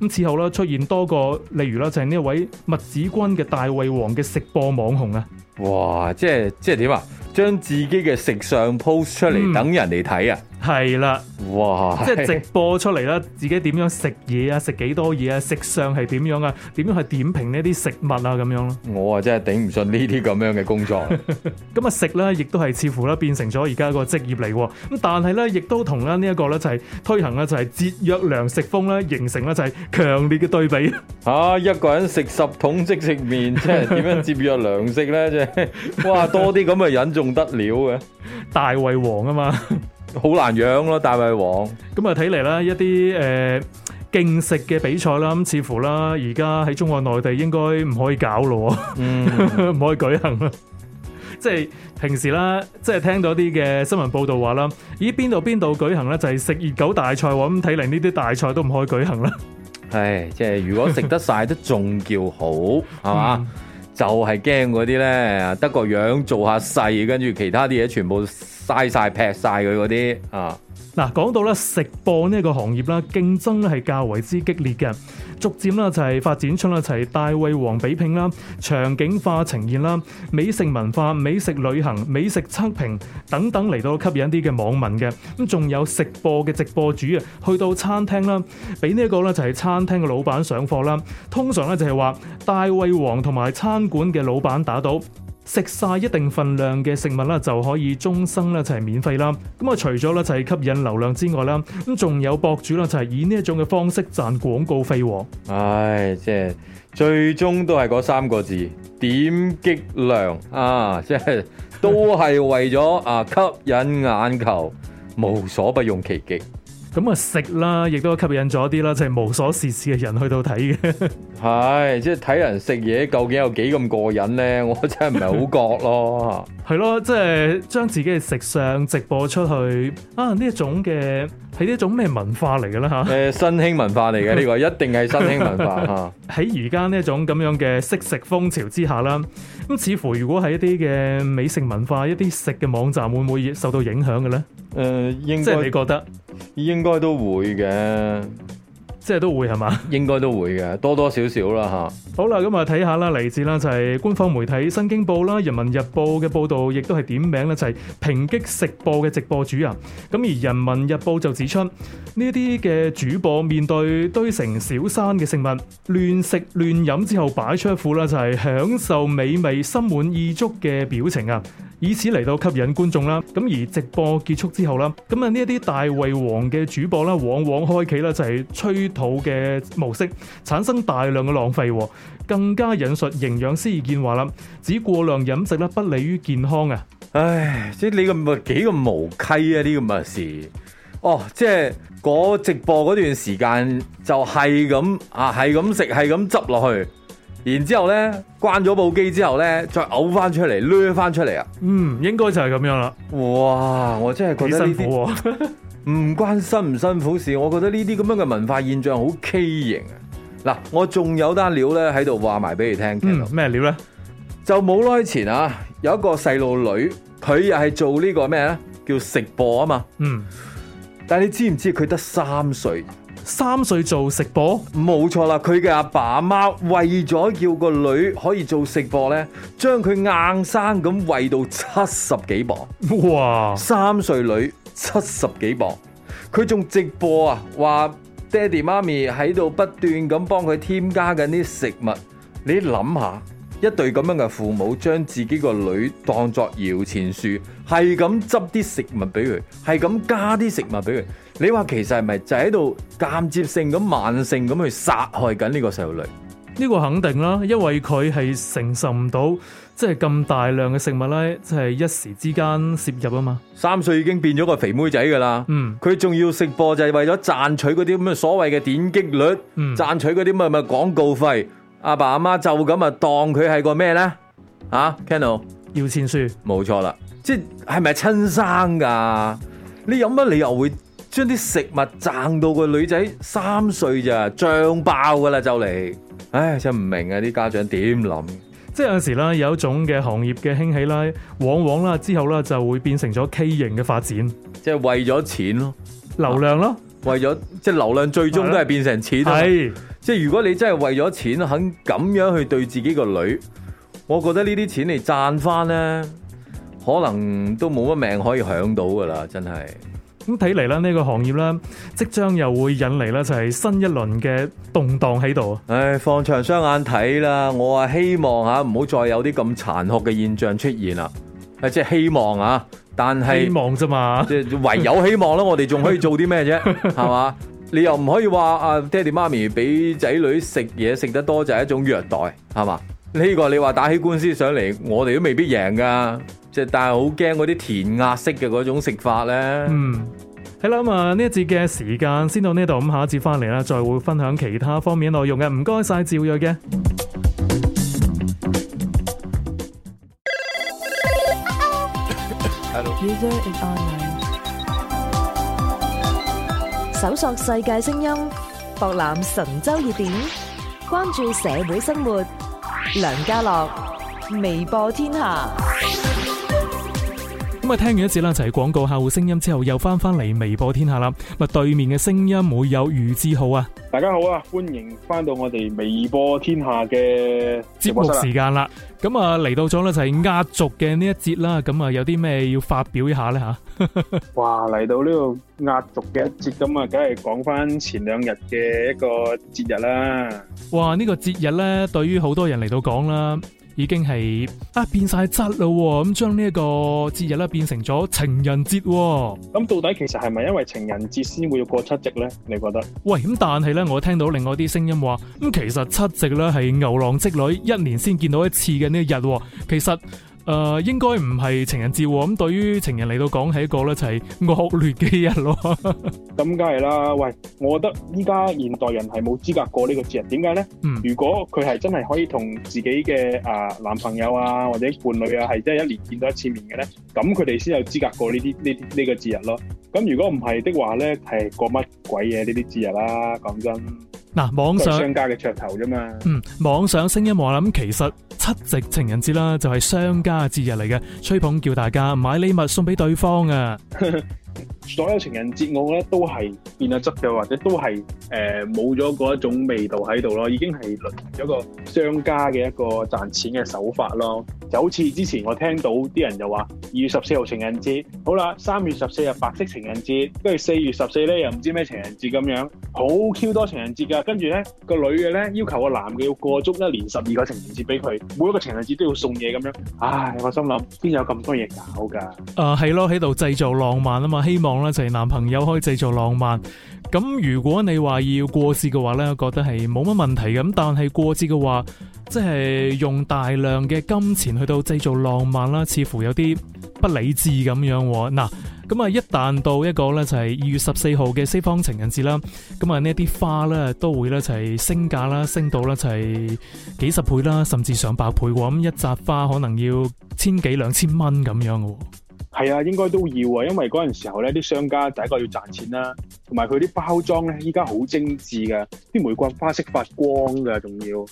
咁之後咧出現多個例如啦就係呢一位麥子君嘅大胃王嘅食播網紅啊。哇！即係即係點啊？將自己嘅食相 post 出嚟，嗯、等人嚟睇啊！係啦，哇！即係直播出嚟啦，自己點樣食嘢啊，食幾多嘢啊，食相係點樣啊，點樣去點評呢啲食物啊，咁樣咯。我啊真係頂唔順呢啲咁樣嘅工作。咁啊 食咧，亦都係似乎咧變成咗而家個職業嚟喎。咁但係咧，亦都同咧呢一個咧，就係推行啊，就係節約糧食風咧，形成咧就係強烈嘅對比。啊，一個人食十桶即食麵，即係點樣節約糧食咧？即係 哇，多啲咁嘅人仲得了嘅大胃王啊嘛！好難養咯，大胃王。咁啊，睇嚟啦，一啲誒競食嘅比賽啦，咁似乎啦，而家喺中國內地應該唔可以搞咯，唔可以舉行啦。即係平時啦，即係聽到啲嘅新聞報道話啦，咦邊度邊度舉行咧？就係食熱狗大菜喎。咁睇嚟呢啲大菜都唔可以舉行啦。係，即係如果食得晒都仲叫好，係嘛？就係驚嗰啲呢，得個樣做下勢，跟住其他啲嘢全部嘥曬、劈曬佢嗰啲啊！嗱，講到咧食播呢一個行業啦，競爭咧係較為之激烈嘅，逐漸咧就係發展出啦，就係大胃王比拼啦、場景化呈現啦、美食文化、美食旅行、美食測評等等嚟到吸引啲嘅網民嘅，咁仲有食播嘅直播主啊，去到餐廳啦，俾呢一個咧就係餐廳嘅老闆上課啦，通常咧就係話大胃王同埋餐館嘅老闆打賭。食晒一定份量嘅食物咧，就可以終生咧就係免費啦。咁啊，除咗咧就係吸引流量之外啦，咁仲有博主咧就係以呢一種嘅方式賺廣告費。唉，即係最終都係嗰三個字點擊量啊！即係都係為咗啊吸引眼球， 無所不用其極。咁啊食啦，亦都吸引咗啲啦，即係無所事事嘅人去到睇嘅。係，即係睇人食嘢，究竟有幾咁過癮咧？我真係唔係好覺咯。係咯，即係將自己嘅食相直播出去啊！呢一種嘅係呢一種咩文化嚟嘅啦？吓，誒寮寧，寮寧寮寧新興文化嚟嘅呢個，一定係新興文化吓。喺而家呢一種咁樣嘅識食風潮之下啦，咁似乎如果喺一啲嘅美食文化、一啲食嘅網站，會唔會受到影響嘅咧？誒、呃，應該你覺得應該都會嘅。即係都會係嘛？應該都會嘅，多多少少啦吓好啦，咁啊睇下啦，嚟自啦就係、是、官方媒體《新京報》啦，《人民日報》嘅報道亦都係點名啦，就係、是、抨擊食播嘅直播主。咁而《人民日報》就指出，呢啲嘅主播面對堆成小山嘅食物，亂食亂飲之後擺出一副啦就係、是、享受美味、心滿意足嘅表情啊，以此嚟到吸引觀眾啦。咁而直播結束之後啦，咁啊呢一啲大胃王嘅主播啦，往往開啟啦就係、是吹好嘅模式，產生大量嘅浪費，更加引述營養師意見話啦，指過量飲食咧不利於健康啊！唉，即係你咁咪幾咁無稽啊啲咁嘅事哦！即係嗰直播嗰段時間就係咁啊，係咁食，係咁執落去，然後呢之後咧關咗部機之後咧再嘔翻出嚟，掠翻出嚟啊！嗯，應該就係咁樣啦。哇！我真係覺得呢啲。些 唔關辛唔辛苦事，我覺得呢啲咁樣嘅文化現象好畸形啊！嗱，我仲有單料咧喺度話埋俾你聽到。嗯，咩料咧？就冇耐前啊，有一個細路女，佢又係做呢個咩咧？叫食播啊嘛。嗯。但係你知唔知佢得三歲？三歲做食播？冇錯啦，佢嘅阿爸阿媽為咗叫個女可以做食播咧，將佢硬生咁餵到七十幾磅。哇！三歲女。七十幾磅，佢仲直播啊，話爹哋媽咪喺度不斷咁幫佢添加緊啲食物。你諗下，一對咁樣嘅父母將自己個女當作搖錢樹，係咁執啲食物俾佢，係咁加啲食物俾佢。你話其實係咪就喺度間接性咁慢性咁去殺害緊呢個細路女？呢個肯定啦，因為佢係承受唔到。即係咁大量嘅食物呢，即係一時之間攝入啊嘛。三歲已經變咗個肥妹仔噶啦，嗯，佢仲要食播就係為咗賺取嗰啲咁嘅所謂嘅點擊率，嗯，賺取嗰啲咩咩廣告費。阿爸阿媽就咁啊，當佢係個咩呢？啊，Kennel 要錢書，冇錯啦。即係咪親生噶？你有乜理由會將啲食物掙到個女仔三歲就脹爆噶啦？就嚟，唉，真唔明啊！啲家長點諗？即係有時咧，有一種嘅行業嘅興起啦，往往啦之後咧就會變成咗畸形嘅發展。即係為咗錢咯，啊、 流量咯，為咗即係流量，最終都係變成錢。係的即係如果你真係為咗錢，肯咁樣去對自己個女，我覺得呢啲錢嚟賺翻咧，可能都冇乜命可以享到噶啦，真係。咁睇嚟咧，呢個行業咧，即將又會引嚟咧，就係新一輪嘅動蕩喺度。唉、哎，放長雙眼睇啦，我啊希望吓唔好再有啲咁殘酷嘅現象出現啦。係即係希望吓、啊，但係希望咋嘛？即係唯有希望咯，我哋仲可以做啲咩啫？係嘛？ 你又唔可以話啊爹哋媽咪俾仔女食嘢食得多就係、係、一種虐待，係嘛？呢個你話打起官司上嚟，我哋都未必贏噶，即係但係好驚嗰啲填鴨式嘅嗰種食法咧。嗯，喺諗啊，呢一節嘅時間先到呢度，咁下一節翻嚟啦，再會分享其他方面內容嘅。唔該晒，趙睿嘅。Hello。搜索世界聲音，博覽神州熱點，關注社會生活。梁家樂，微博天下。咁啊，聽完一節啦，就係、是、廣告客戶聲音之後，又翻翻嚟微博天下啦。咪對面嘅聲音會有余志浩啊。大家好啊，歡迎翻到我哋微播天下嘅節目時間啦。咁、嗯、啊，嚟到咗呢，就係壓軸嘅呢一節啦。咁啊，有啲咩要發表一下呢？吓 ？哇，嚟到呢個壓軸嘅一節，咁啊，梗係講翻前兩日嘅一個節日啦。哇，呢、呢個節日呢，對於好多人嚟到講啦。已經係啊變晒質咯，咁將呢個節日咧變成咗情人節。咁到底其實係咪因為情人節先會要過七夕呢？你覺得？喂，咁、嗯、但係呢，我聽到另外啲聲音話，咁、嗯、其實七夕呢係牛郎織女一年先見到一次嘅呢日，嗯，其實。誒，應該唔係情人節咁。對於情人嚟到講，係一個咧，就係惡劣嘅一日咯。咁梗係啦。喂，我覺得依家現代人係冇資格過呢個節日。點解咧？如果佢係真係可以同自己嘅誒男朋友啊或者伴侶啊，係即係一年見到一次面嘅咧，咁佢哋先有資格過呢啲呢呢呢個節日咯。咁如果唔係的話咧，係過乜鬼嘢呢啲節日啦？講真。嗱、啊，網上商家嘅噱頭啫嘛。嗯，網上聲音我諗，其實七夕情人節啦，就係商家嘅節日嚟嘅，吹捧叫大家買禮物送俾對方啊。 所有情人節我咧都係變咗質嘅，或者都係。誒冇咗嗰一種味道喺度咯，已經係有個商家嘅一個賺錢嘅手法咯。就好似之前我聽到啲人就話：二月十四號情人節，好啦，三月十四日白色情人節，跟住四月十四咧又唔知咩情人節咁樣，好 Q 多情人節㗎。跟住咧個女嘅咧要求個男嘅要過足一年十二個情人節俾佢，每一個情人節都要送嘢咁樣。唉，我心諗邊有咁多嘢搞㗎？誒係咯，喺度製造浪漫啊嘛，希望咧就係男朋友可以製造浪漫。咁如果你話，係要過節嘅話呢，覺得係冇乜問題咁。但係過節嘅話，即係用大量嘅金錢去到製造浪漫啦，似乎有啲不理智咁樣。嗱，咁啊，一旦到一個呢，就係二月十四號嘅西方情人節啦，咁啊呢啲花呢，都會呢，就係升價啦，升到呢，就係幾十倍啦，甚至上百倍喎。咁一扎花可能要千幾兩千蚊咁樣嘅。係啊，應該都要啊，因為嗰陣時候咧，啲商家第一個要賺錢啦，同埋佢啲包裝咧，依家好精緻㗎，啲玫瑰花色發光㗎，仲要。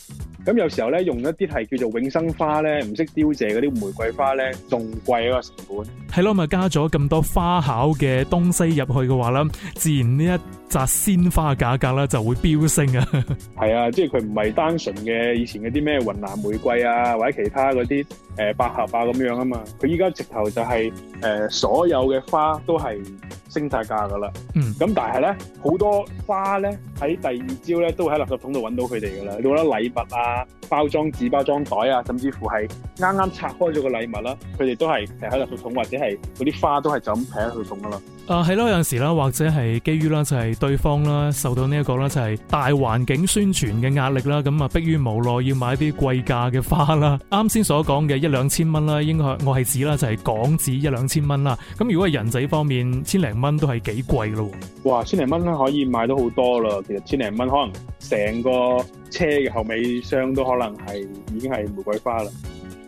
咁有時候咧，用一啲係叫做永生花咧，唔識凋謝嗰啲玫瑰花咧，仲貴啊個成本。係咯，咪加咗咁多花巧嘅東西入去嘅話啦，自然呢一，摘鮮花嘅價格咧就會飆升啊！ 係啊，即係佢唔係單純嘅以前嗰啲咩雲南玫瑰啊，或者其他嗰啲誒百合啊咁樣啊嘛，佢依家直頭就係、是、誒、呃、所有嘅花都係。升晒價㗎啦，咁、嗯、但係咧好多花咧喺第二朝咧都喺垃圾桶度揾到佢哋㗎啦。你話咧禮物啊、包裝紙、包裝袋啊，甚至乎係啱啱拆開咗個禮物啦，佢哋都係誒喺垃圾桶或者係嗰啲花都係就咁撇喺個桶㗎啦。誒係咯，有陣時啦，或者係基於啦就係、是、對方啦受到呢一個啦就係、是、大環境宣傳嘅壓力啦，咁啊迫於無奈要買啲貴價嘅花啦。啱先所講嘅一兩千蚊啦，應該我係指啦就係、是、港紙一兩千蚊啦。咁如果係人仔方面千零蚊都係幾貴咯，哇！千零蚊可以買到好多啦。其實千零蚊可能成個車嘅後尾箱都可能係已經係玫瑰花啦。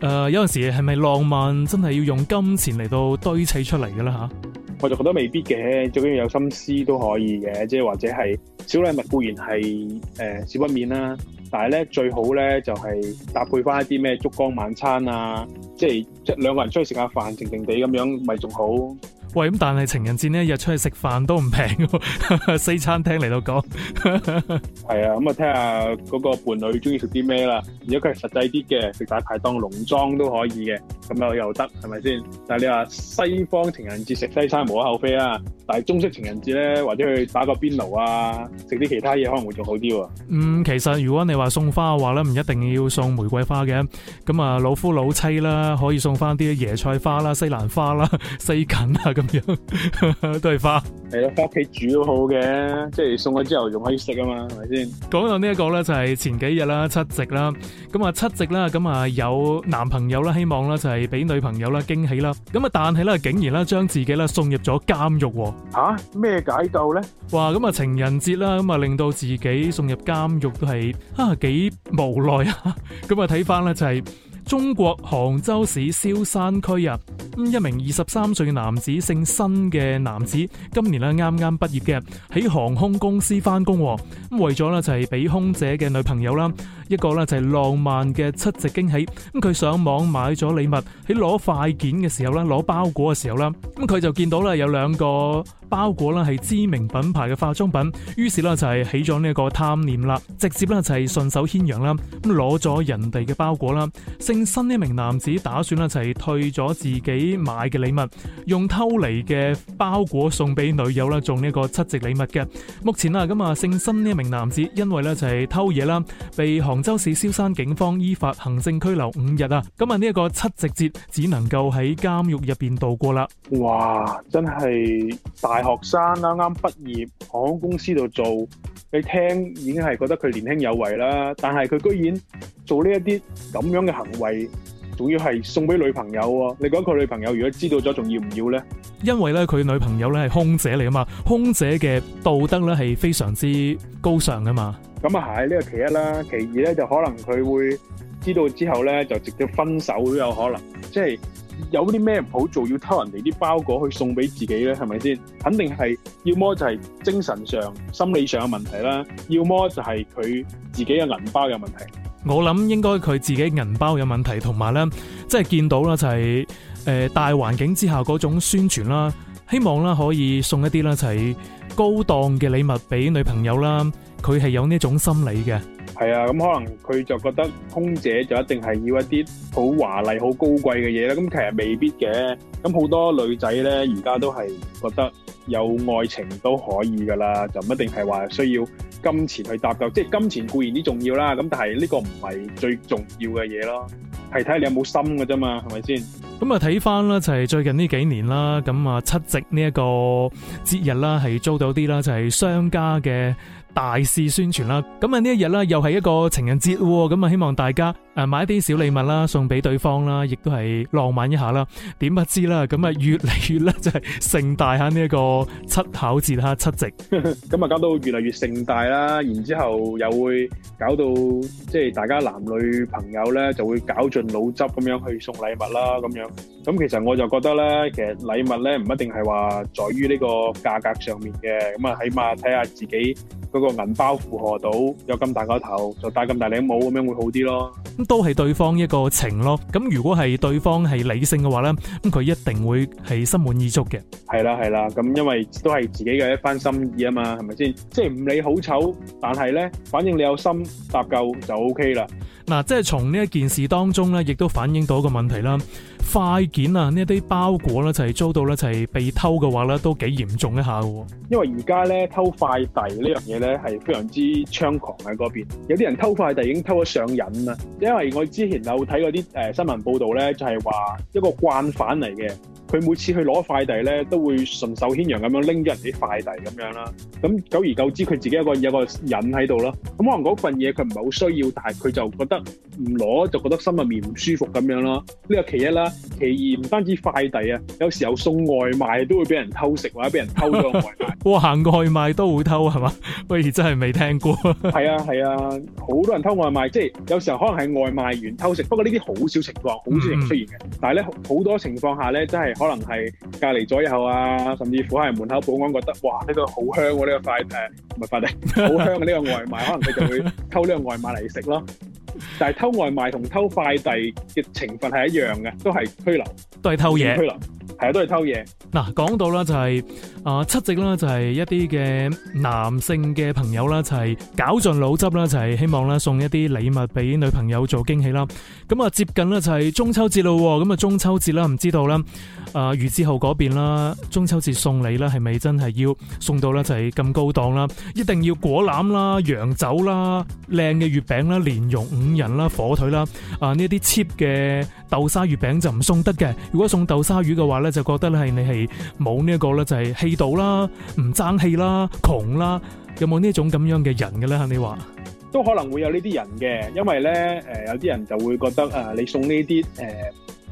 誒、呃，有陣時係咪浪漫真係要用金錢嚟到堆砌出嚟嘅啦？吓，我就覺得未必嘅，最緊要有心思都可以嘅，即係或者係小禮物固然係誒少不免啦、啊，但係咧最好咧就係、是、搭配翻一啲咩燭光晚餐啊，即係即係兩個人出去食下飯靜靜地咁樣，咪仲好。喂，咁但係情人節咧，日出去食飯都唔平，西 餐廳嚟到講，係 啊，咁、嗯、啊聽下嗰個伴侶中意食啲咩啦。如果佢係實際啲嘅，食大排檔、農莊都可以嘅，咁又又得係咪先？但係你話西方情人節食西餐無可厚非啊。但係中式情人節咧，或者去打個邊爐啊，食啲其他嘢，可能會仲好啲。嗯，其實如果你話送花嘅話咧，唔一定要送玫瑰花嘅。咁啊老夫老妻啦，可以送翻啲椰菜花啦、西蘭花啦、西芹啊。咁樣都係花，係咯，翻屋企煮都好嘅，即係送咗之後仲可以食啊嘛，係咪先？講到呢一個咧，就係前幾日啦，七夕啦，咁啊七夕啦，咁啊有男朋友啦，希望啦就係俾女朋友啦驚喜啦，咁啊但係咧竟然咧將自己咧送入咗監獄，吓？咩解救咧？哇，咁啊情人節啦，咁啊令到自己送入監獄都係啊幾無奈啊，咁啊睇翻咧就係。中國杭州市蕭山區啊，咁一名二十三歲嘅男子姓申嘅男子，今年咧啱啱畢業嘅，喺航空公司翻工，咁為咗咧就係俾空姐嘅女朋友啦，一個咧就係浪漫嘅七夕驚喜，咁佢上網買咗禮物，喺攞快件嘅時候咧，攞包裹嘅時候啦，咁佢就見到咧有兩個。包裹呢係知名品牌嘅化妝品，於是呢就係起咗呢一個貪念啦，直接呢就係順手牽羊啦，咁攞咗人哋嘅包裹啦。姓辛呢一名男子打算呢就係退咗自己買嘅禮物，用偷嚟嘅包裹送俾女友啦，做呢一個七夕禮物嘅。目前啊咁啊姓辛呢名男子因為呢就係偷嘢啦，被杭州市蕭山警方依法行政拘留五日啊。咁啊，呢一個七夕節只能夠喺監獄入邊度過啦。哇，真係大！係學生啱啱畢業，航空公司度做，你聽已經係覺得佢年輕有為啦。但係佢居然做呢一啲咁樣嘅行為，仲要係送俾女朋友。你講佢女朋友如果知道咗，仲要唔要呢？因為咧佢女朋友咧係空姐嚟，啊嘛，空姐嘅道德咧係非常之高尚啊嘛。咁啊係呢個其一啦，其二咧就可能佢會知道之後咧就直接分手都有可能，即係。有啲咩唔好做？要偷人哋啲包裹去送俾自己呢？係咪先？肯定係，要麼就係精神上、心理上嘅問題啦，要麼就係佢自己嘅銀包有問題。我諗應該佢自己銀包有問題，同埋呢，即係見到啦、就是，就係誒大環境之下嗰種宣傳啦，希望啦可以送一啲啦就係高檔嘅禮物俾女朋友啦，佢係有呢種心理嘅。係啊，咁可能佢就覺得空姐就一定係要一啲好華麗、好高貴嘅嘢咧。咁其實未必嘅。咁好多女仔咧，而家都係覺得有愛情都可以噶啦，就唔一定係話需要金錢去搭救。即係金錢固然啲重要啦，咁但係呢個唔係最重要嘅嘢咯。係睇下你有冇心嘅啫嘛，係咪先？咁啊，睇翻啦，就係、是、最近呢幾年啦，咁啊七夕呢一個節日啦，係遭到啲啦，就係商家嘅。大肆宣傳啦，咁啊呢一日啦又係一個情人節喎，咁啊希望大家～誒，買啲小禮物啦，送俾對方啦，亦都係浪漫一下啦。點不知啦，咁啊越嚟越咧，就係盛大下呢一個七巧節啦，七夕。咁啊，搞到越嚟越盛大啦，然之後又會搞到即係大家男女朋友咧，就會絞盡腦汁咁樣去送禮物啦，咁樣。咁其實我就覺得咧，其實禮物咧唔一定係話在於呢個價格上面嘅。咁啊，起碼睇下自己嗰個銀包負荷到，有咁大個頭，就戴咁大頂帽咁樣會好啲咯。都係對方一個情咯，咁如果係對方係理性嘅話咧，咁佢一定會係心滿意足嘅。係啦係啦，咁因為都係自己嘅一番心意啊嘛，係咪先？即係唔理好醜，但係咧，反正你有心搭救就 OK 啦。嗱，即係從呢一件事當中咧，亦都反映到一個問題啦。快件啊，呢一啲包裹咧就係遭到咧就係被偷嘅話咧都幾嚴重一下嘅。因為而家咧偷快遞呢樣嘢咧係非常之猖狂喺嗰邊，有啲人偷快遞已經偷咗上癮啦。因為我之前有睇過啲誒新聞報道咧，就係話一個慣犯嚟嘅。佢每次去攞快遞咧，都會順手牽羊咁樣拎咗人哋啲快遞咁樣啦。咁、嗯、久而久之，佢自己一個有一個癮喺度咯。咁、嗯、可能嗰份嘢佢唔係好需要，但係佢就覺得唔攞就覺得心入面唔舒服咁樣啦。呢、這個其一啦。其二唔單止快遞啊，有時候送外賣都會俾人偷食或者俾人偷咗外賣。 哇！行外賣都會偷係嘛？喂，不真係未聽過。係啊係啊，好、啊、多人偷外賣，即係有時候可能係外賣員偷食。不過呢啲好少情況，好少人出現嘅。嗯、但係咧好多情況下咧，真係～真可能係隔離左右啊，甚至乎喺門口保安覺得，哇！呢個好香喎，呢個快遞，唔係快遞，好香嘅呢個外賣，可能佢就會偷呢個外賣嚟食咯。但係偷外賣同偷快遞嘅懲罰係一樣嘅，都係拘留，都係偷嘢，拘留係啊，都係偷嘢。嗱，講到啦就係啊七夕啦，就係一啲嘅男性嘅朋友啦，就係絞盡腦汁啦，就係希望啦送一啲禮物俾女朋友做驚喜啦。咁啊接近啦就係中秋節咯，咁啊中秋節啦唔知道啦。啊！預之後嗰邊啦，中秋節送禮啦，係咪真係要送到咧？就係、是、咁高檔啦，一定要果籃啦、洋酒啦、靚嘅月餅啦、蓮蓉五仁啦、火腿啦啊！呢啲 cheap 嘅豆沙月餅就唔送得嘅。如果送豆沙魚嘅話呢，就覺得係你係冇呢一個咧，就係氣度啦、唔爭氣啦、窮啦，有冇呢一種咁樣嘅人嘅咧？你話都可能會有呢啲人嘅，因為呢，誒、呃、有啲人就會覺得啊、呃，你送呢啲誒。呃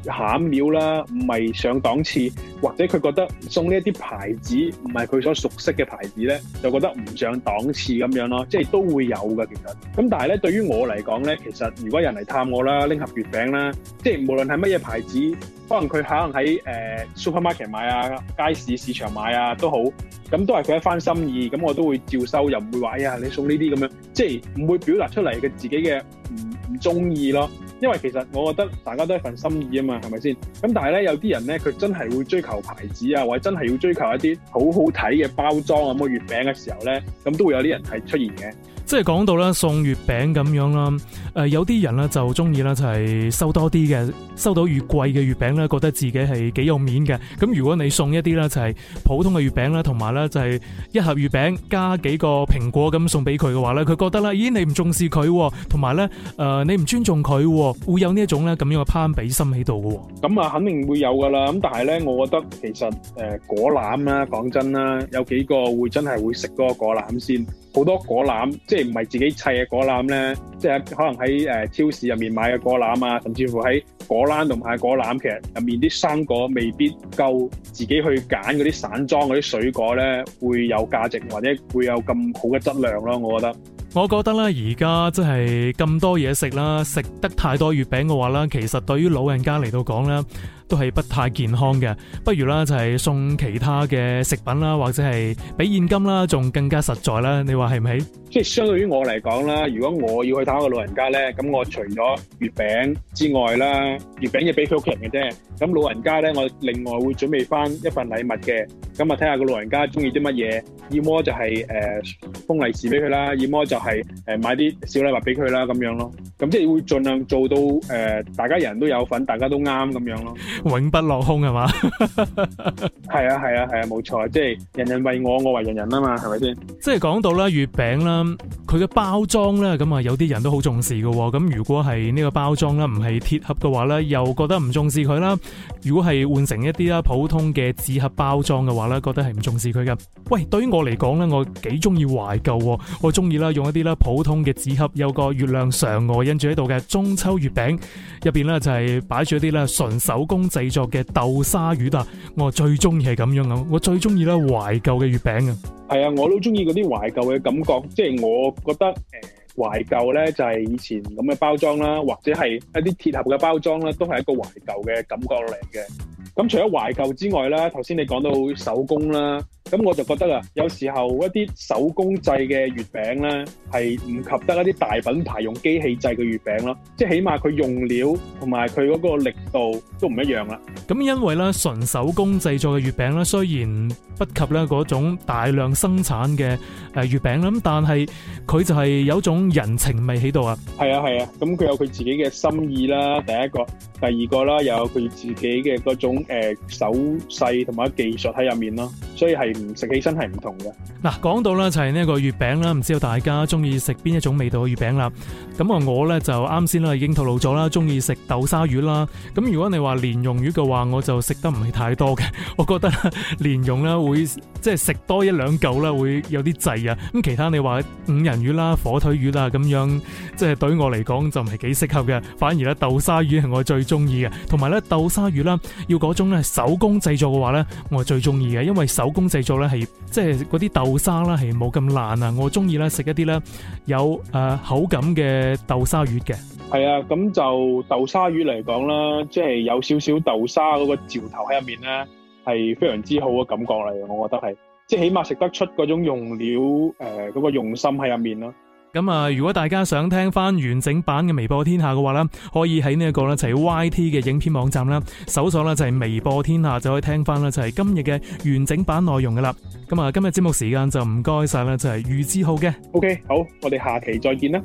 餡料啦，唔係上檔次，或者佢覺得送呢一啲牌子唔係佢所熟悉嘅牌子咧，就覺得唔上檔次咁樣咯，即係都會有嘅其實。咁但係咧，對於我嚟講咧，其實如果人嚟探我啦，拎盒月餅啦，即係無論係乜嘢牌子，可能佢可能喺誒 supermarket 買啊，街市市場買啊都好，咁都係佢一番心意，咁我都會照收，又唔會話，哎呀，你送呢啲咁樣，即係唔會表達出嚟嘅自己嘅唔唔中意咯。因為其實我覺得大家都係份心意啊嘛，係咪先？咁但係咧，有啲人咧佢真係會追求牌子啊，或者真係要追求一啲好好睇嘅包裝啊咁嘅月餅嘅時候咧，咁都會有啲人係出現嘅。即係講到啦，送月餅咁樣啦，誒、呃、有啲人咧就中意啦，就係收多啲嘅，收到越貴嘅月餅咧，覺得自己係幾有面嘅。咁如果你送一啲咧就係普通嘅月餅啦，同埋咧就係一盒月餅加幾個蘋果咁送俾佢嘅話咧，佢覺得啦，咦你唔重視佢，哦，同埋咧誒你唔尊重佢，哦，會有呢一種咧咁樣嘅攀比心喺度嘅。咁啊肯定會有噶啦，咁但係咧我覺得其實誒、呃、果籃啦、啊，講真啦，有幾個真會真係會食嗰個果籃先？好多果籃即係。唔係自己砌嘅果籃咧，即係可能喺誒、呃、超市入面買嘅果籃啊，甚至乎喺果欄同埋果籃，其實入面啲生果未必夠自己去揀嗰啲散裝嗰啲水果咧，會有價值或者會有咁好嘅質量咯。我覺得，我覺得咧，而家真係咁多嘢食啦，食得太多月餅嘅話啦。其實對於老人家嚟到講咧。都係不太健康嘅，不如啦就係、是、送其他嘅食品啦，或者係俾現金啦仲更加實在啦，你話係咪？即係相對於我嚟講啦，如果我要去探個老人家咧，咁我除咗月餅之外啦，月餅嘢俾佢屋企人嘅啫，咁老人家咧，我另外會準備翻一份禮物嘅，咁啊睇下個老人家中意啲乜嘢，要麼就係誒封利是俾佢啦，要麼就係、是、誒、呃、買啲小禮物俾佢啦，咁樣咯，咁即係會盡量做到誒、呃、大家人人都有份，大家都啱咁樣咯。永不落空係嘛？係啊係啊係啊，冇錯、啊啊，即係人人為我，我為人人啊嘛，係咪先？即係講到啦，月餅啦，佢嘅包裝咧，咁啊有啲人都好重視嘅。咁如果係呢個包裝啦，唔係鐵盒嘅話咧，又覺得唔重視佢啦。如果係換成一啲啦普通嘅紙盒包裝嘅話咧，覺得係唔重視佢嘅。喂，對於我嚟講咧，我幾中意懷舊，我中意啦用一啲啦普通嘅紙盒，有個月亮嫦娥印住喺度嘅中秋月餅，入邊咧就係擺住一啲咧純手工。製作嘅豆沙魚啊，我最中意係咁樣。咁，我最中意咧懷舊嘅月餅啊，係啊，我都中意嗰啲懷舊嘅感覺。即係我覺得誒，懷舊咧就係以前咁嘅包裝啦，或者係一啲鐵盒嘅包裝啦，都係一個懷舊嘅感覺嚟嘅。咁除咗懷舊之外啦，頭先你講到手工啦，咁我就覺得呀，有時候一啲手工製嘅月餅啦，係唔及得一啲大品牌用機器製嘅月餅咯。即係起碼佢用料同埋佢嗰個力度都唔一樣啦。咁因為咧，純手工製作嘅月餅啦，雖然不及咧嗰種大量生產嘅誒月餅咁，但係佢就係有種人情味喺度啊。係啊係啊，咁佢有佢自己嘅心意啦，第一個，第二個啦，又有佢自己嘅嗰種。誒、呃、手勢同埋技術喺入面咯，所以係唔食起身係唔同嘅。嗱，講到啦，就係呢個月餅啦，唔知道大家鍾意食邊一種味道嘅月餅啦？咁啊，我咧就啱先咧已經透露咗啦，中意食豆沙魚啦。咁如果你話蓮蓉魚嘅話，我就食得唔係太多嘅。我覺得咧蓮蓉咧會即係食多一兩嚿咧會有啲滯啊。咁其他你話五仁魚啦、火腿魚啦咁樣，即係對於我嚟講就唔係幾適合嘅。反而咧豆沙魚係我最中意嘅，同埋咧豆沙魚啦，要嗰種咧手工製作嘅話咧，我最中意嘅，因為手工製作咧係即係嗰啲豆沙啦係冇咁爛啊。我中意咧食一啲咧有誒口感嘅。豆沙魚嘅係啊，咁就豆沙魚嚟講啦，即係有少少豆沙嗰個嚼頭喺入面咧，係非常之好嘅感覺嚟，我覺得係，即係起碼食得出嗰種用料誒嗰個用心喺入面咯。咁啊，如果大家想聽翻完，完整版嘅《微博天下》嘅話咧，可以喺呢一個咧就係 YT 嘅影片網站啦，搜索啦就係《微博天下》，就可以聽翻啦就係今日嘅完整版內容嘅啦。咁啊，今日節目時間就唔該晒啦，就係余知浩嘅。OK，好，我哋下期再見啦。